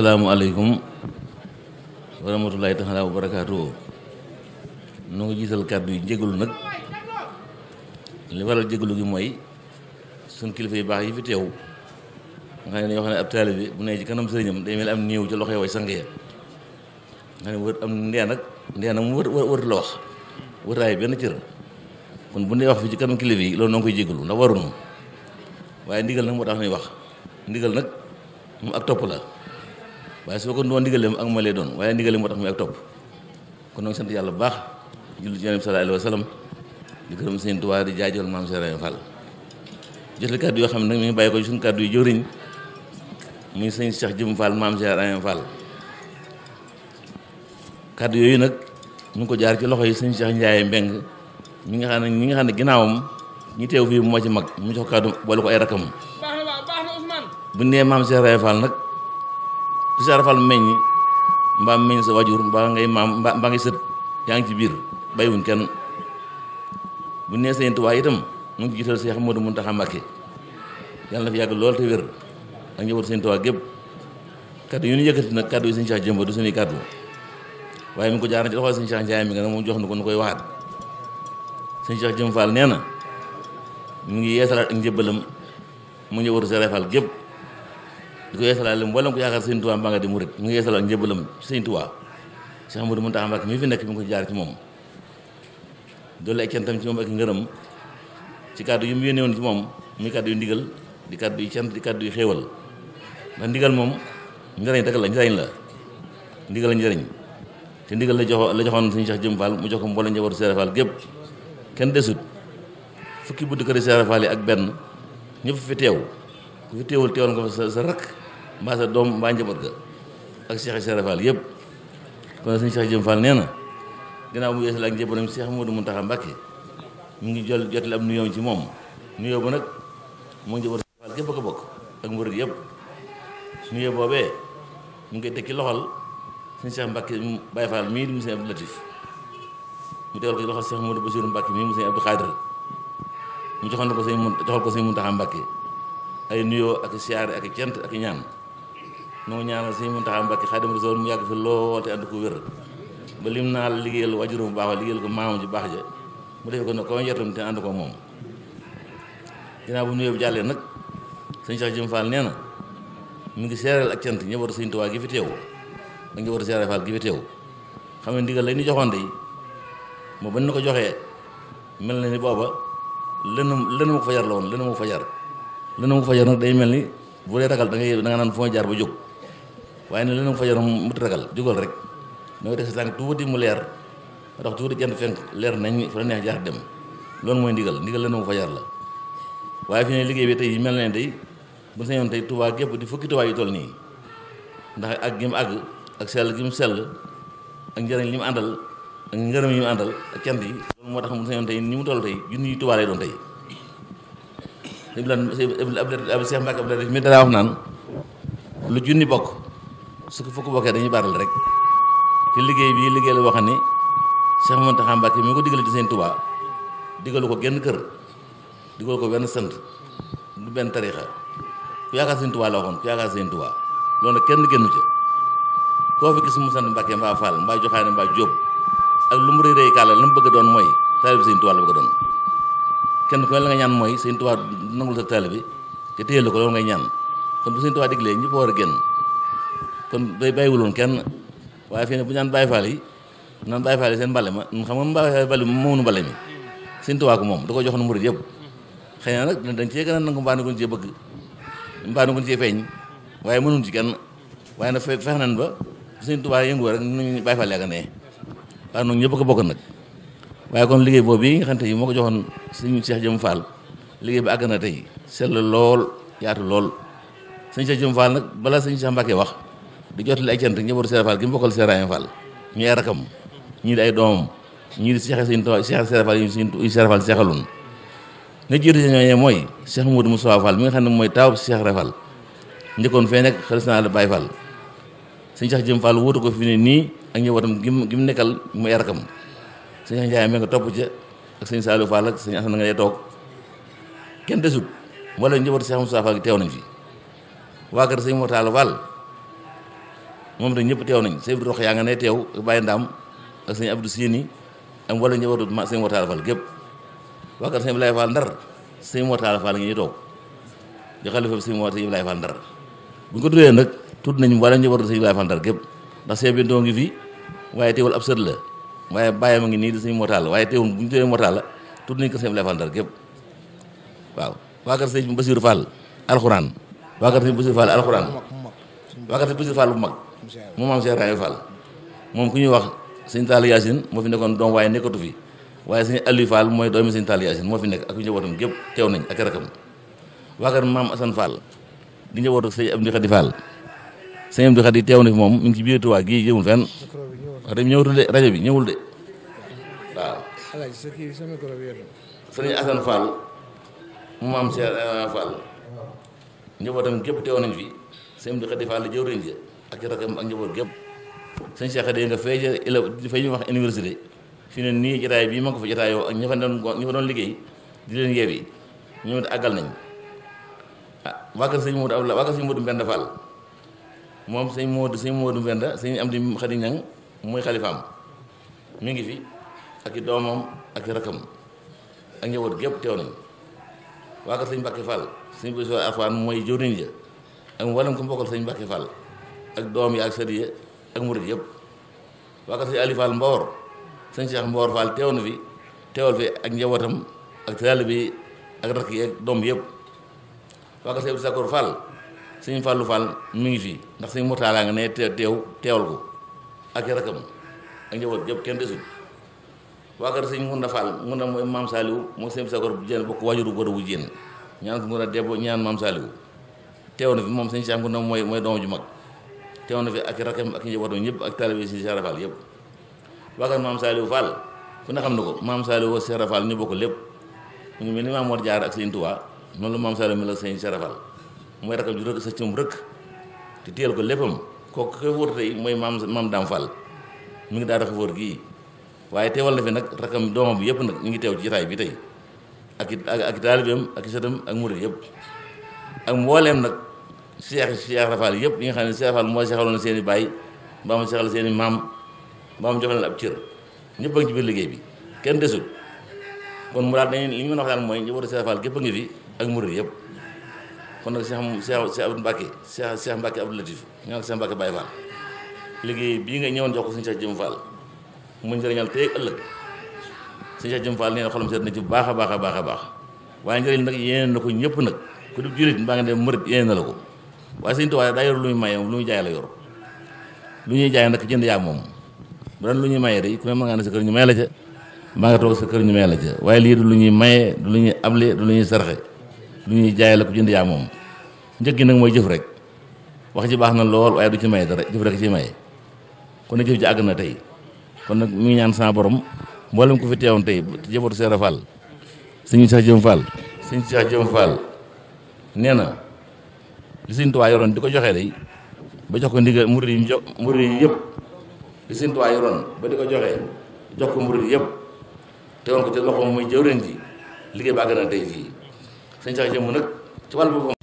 asalaamualeykum wa rahmatulahi taala wa barakaatu nu ngi jiital kàddu yi jégalu nag li waral jégalu gi mooy suñ kilifa yu baax yi fi teew nga xam ne dañoo xam ne ab taali bi bu ne ci day mel am néew ci loxoy way sang ya am ndee nag ndee nag mu wër wër wax wëraay benn cër kon bu ne wax fii ci kanam kilifa yi loolu noo koy jégalu ndax waruñu waaye ndigal nag moo tax ñuy wax ndigal nag mu ak topp la waaye soo ko doon ndigalee ak ma lay doon waaye ndigalee moo tax muy ak topp kon nag sant yàlla bu baax julli ci Yonent bi sallallahu alayhi wa sallam di di jaajëfal maam Serigne Fall jotali kàddu yoo xam ne nag mi ngi bàyyi ko suñu kàddu sëñ Cheikh Jëm maam Serigne Fall yooyu nag ñu ngi ko jaar ci loxo yi sëñ seex Ndiaye Mbeng mi nga xam ne mi nga xam ne ginnaawam ñi teew fii moo ci mag mu jox kàddu boole ko ay rakam bu nee maam Cheikh Raye nag. ku si rafal meññ mbaam meññ sa wajur mbaa ngay maam mbaa mbaa ngay sët yaa ngi ci biir bàyyiwuñ kenn bu nee sëñ Tuubaa itam mu ngi ci jiital Seex Moodu Muntaxa Mbàkke yàlla na fi yàgg lool te wér ak ñëwal sëñ Tuubaa gépp kaddu yu ñu yëkkati nag kaddu yi sëñ Seex jëmba du suñuy kaddu waaye mi ngi ko jaar na ci mi nga nag jox na ko koy waxaat sëñ Seex nee na mu ngi yeesalaat ak njëbbalam mu ñëwal sa rafal gépp di ko yeesalaale mboolem ko yaakaar sëñ Tuubaa mbaa nga di murit mu ngi yeesal ak njëbalam ci sëñ Tuubaa Cheikh Amadou Mountakha Mbacké mi fi nekk mi ngi ko jaar ci moom dolli ay cantam ci moom ak ngërëm ci kàddu yu mu yónnee woon ci moom muy kàddu yu ndigal di kàddu yu cant di kàddu yu xéewal ndax ndigal moom njëriñ rek la njëriñ la ndigal la njëriñ te ndigal la joxo la joxoon suñu Cheikh Jëm mu jox ko mboolem njabootu Cheikh Fall gépp kenn desut fukki buddi kër Cheikh Fall ak ben ñëpp fi teew ku fi teewul teewal nga fa sa sa rakk mbaa sa doom mbaa njaboot ga ak Cheikh Cheikh Fall yëpp kon suñu Cheikh Jëm Fall nee na ginnaaw mu yeesal ak njabootam Cheikh Modou mu ngi jol jotale am nuyoo moom nuyoo ba nag moo njaboot Fall ko bokk ak murid yëpp nuyoo boobee mu ngi tekki loxol suñu Cheikh Mbacké Baye Fall mii di monsieur Abdou Latif mu teewal ko ci mu joxoon ko sëñ mu joxal ko sëñ Mountakha ay nuyoo ak siyaare ak cent ak ñaan nu ñaanal Sëriñ Muntaxa Mbàkke Xaadimu Rasuul mu yàgg fi lool te ànd ko wér ba lim naa la liggéeyal wajuram bu baax wa liggéeyal ko maamam ji baax ja mu defee ko ne ko yetam ko moom bu nuyoo bi nag sëñ Cheikh Jëm Fall nee na mu ngi seereel ak cant ñëwatu Sëriñ Tuubaa gi fi teew ak gi fi xam ne ñu joxoon day moo na ko joxee mel na ni booba lenn lenn mu ko fa la woon lenn mu ko fa la nangu fajar nag day mel ni bu dee ragal da ngay da nga naan fu may jaar ba jóg waaye ne la nangu fajar mu ragal jógal rek da ngay teg mu leer ba tax tuuti jant fenk leer nañ fa la neex jaar dem loolu mooy ndigal ndigal la nangu fajar la waaye fi liggéey bi tey mel na ne tey bu sañoon tey Tuubaa gépp di fukki Tuubaa nii ndax ak gi mu àgg gi mu sell ak njëriñ mu àndal yi mu àndal ak cant yi loolu moo tax mu sañoon tey mu toll tey junni yu Tuubaa lay doon tey iblan ab Cheikh Mbacke Abdoulaye mi dara wax naan lu junni bokk su ko fukk bokkee ya dañuy baral rek te liggéey bii liggéey la wax ni Cheikh Mountakha Mbacke mi ko digal di Sëñ Tuubaa digalu ko genn kër digalu ko benn sant du benn tariixa ku yaakaar Sëñ Tuubaa la waxoon ku yaakaar Sëñ Tuubaa loolu nag kenn génnu ca koo fi gis mu sant Mbacke mbaa Fall mbaa Joxaane mbaa Jóob ak lu mu rëy rëy kàlla mu bëgg doon mooy taalib Sëñ Tuubaa la bëgg doon kenn ku ne la nga ñaan mooy sëñ Tuubaa nangul sa taal bi te téye la ko loolu ngay ñaan kon bu sëñ Tuubaa diglee ñëpp war a génn kon day bàyyiwuloon kenn waaye fii ne bu ñaan Baay Faal yi naan Baay Faal yi seen mbale ma xam da ko jox na murid yëpp xëy na nag dañ cee gën a nangu mbaa na ko cee bëgg mbaa waaye mënuñ ci kenn waaye nag fex nañ ba sëñ Tuubaa yëngu rek nu Baay Faal yàgg ne waaye noonu ñëpp ko bokk nag waaye kon liggéey boobu yi nga xam te yi moo ko joxoon sëñ Cheikh Jëm Fall liggéey bi àgg na tey sell lool yaatu lool sëñ Cheikh Jëm Fall nag balaa sëñ Cheikh wax di jotali ay cant njabootu Serigne Fall gi mu ay rakam ñii di ay doomam ñii di Cheikh sëñ Touba Cheikh mooy Cheikh Modou Moussa mi nga xam ne mooy taaw Cheikh Refal njëkkoon fee nekk xalis naa la Baye Fall sëñ wóotu ko fi ne nii ak njabootam gi mu nekkal mu ay rakam sëñ Njaay mi nga topp ca ak sëñ Saliou Fall ak sëñ Assane nga lay toog kenn desut wala njëbatu Cheikh Moussa Fall gi teew nañ fi waa kër sëñ Mortalla Fall moom itam ñëpp teew nañ sëñ Abdou Rox yaa nga ne teew ak Baye Ndam ak sëñ Abdou Sini am wala njëbatu sëñ Mortalla Fall gépp waa kër sëñ Ibrahima Fall Ndar sëñ Mortalla Fall ngi ñu toog di xalifa bi sëñ Mortalla Ibrahima Fall Ndar bu ñu ko tuddee nag tudd nañ wala njëbatu sëñ Ibrahima Fall Ndar gépp ndax sëñ bi ndoo ngi fi waaye teewul ab sët la waaye bàyyi ma ngi nii di sëñ Mor Talla waaye teewul bu ñu tuddee Mor Talla tudd nañ ko sëñ Abdoulaye Fall Ndar gépp waaw waa kër sëñ Bassirou Fall alxuraan waa kër sëñ Bassirou Fall alxuraan waa mag moom maam Cheikh ku ñuy wax sëñ Talla moo fi nekkoon doom waaye nekkatu fi waaye sëñ mooy doomi sëñ Talla Yacine moo fi nekk ak njabootam gépp teew nañ ak rakam waa kër maam Assane Fall di njabootu sëñ Abdou Khadi Fall sëñ Abdou Khadi teew na fi moom mu ngi ci biir Tuubaa gii jëmul fenn wax dëgg ñëwul de rajo bi ñëwul de waaw. sëriñ Assane Fall mu maam Cheikh Fall njabootam gépp teewoon nañ fi sëñ bi Xadi Fall jëwriñ ja ak ci rakam ak njaboot gépp sëñ Cheikh Xadi nga fay ñu ko fa jotaayoo ak ña fa doon ña fa doon liggéey di leen yeewi ñoom it àggal nañ ah waa kër sëñ Modou Abdoulaye waa kër sëñ Modou moom sëñ Modou sëñ Modou am di Xadi Ñang muy xalifaam mu ngi fi ak i doomam ak i rakkam ak njaboot gépp teew nañ waa kër sëñ Mbàkke Fall sëñ Basiru Afaan mooy jëwriñ ja ak mboolem ko mbokkal sëñ Mbàkke Fall ak doom yi ak sët yi ak murit yëpp waa kër sëñ Ali Fall Mbaor sëñ Cheikh Mbaor teew na fi teewal fi ak njabootam ak taalibe bi ak rakk yi ak doom yëpp waa kër sëñ Abdou Sakoor Fall sëñ Fallu Fall mi ngi fi ndax sëñ Murtala nga ne teew teewal ko ak i rakam ak njaboot yëpp kenn desul waa kër sëñ Munda Fall Munda mooy maam moo sëñ Sakor bu jéen bokk waajuru góor bu jéen ñaan Munda Debbo ñaan maam Saliou teew na moom sëñ Cheikh Munda mooy mooy doom ju mag teew na fi ak i ñëpp ak taalibe yëpp waa kër maam Saliou Fall ku ne xam na ko maam Saliou ak bokk lépp mu ngi mel ni maam Mor Diarra ak sëñ Touba noonu mooy rakam ju rëkk sa cëm rëkk te téyel ko léppam kooku xëfoor tey mooy maam maam Dame Fall mi ngi daara xëfoor gii waaye teewal na fi nag rakam doomam bi yëpp nag ñu ngi teew ci jotaay bi tey ak ak ak taalibeem ak sëtam ak murid yëpp ak mbooleem nag Cheikh Cheikh Rafal yëpp yi nga xam ne Cheikh Rafal moo seexaloon seen i baay ba mu seexal seen i maam ba mu jox leen ab cër ñëpp ci biir liggéey bi kenn desul kon mu daal dañuy li ñu mën a wax daal mooy njabootu Cheikh Rafal gépp a ngi fi ak murid yëpp. kon nag Cheikh moom Cheikh Cheikh Abdou Mbacke Cheikh Cheikh Mbacke Abdou Latif ñu naan Cheikh Mbacke liggéey bii nga ñëwoon jox ko suñu Cheikh Jëm Fall mu njëriñal tey ëllëg suñu Cheikh Jëm Fall nee na xolam seet na ci baax baax a baax a baax waaye nag yéene na ko ñëpp nag ku dib julit mbaa nga la ko waaye Sëñ Tuubaa lu muy maye moom lu lu ñuy jaay nag jënd yaa moom lu ñuy maye day ku ne mën ngaa ñu may la ca sa kër ñu may la waaye lii du lu ñuy maye du lu ñuy able du lu ñuy sarxe lu ñuy jaay la ko jënd yaa moom njëg gi nag mooy jëf rek wax ji baax na lool waaye du ci may dara jëf rek ci may kon nag jëf ji àgg na tey kon nag mi ñaan sama borom mboolem ko fi teewoon tey jëbootu Seera Fall sëñ Cheikh Jëm Fall sëñ Cheikh Jëm na li sëñ Tuubaa yoroon di ko joxee day ba jox ko ndigal murid yi jo murid yi yëpp li sëñ Tuubaa yoroon ba di ko joxee jox ko murid yi yëpp teewoon ko ci loxoom muy jëwriñ ji liggéey ba àgg na tey jii sëñ Cheikh Jëmm nag ci wàllu boppam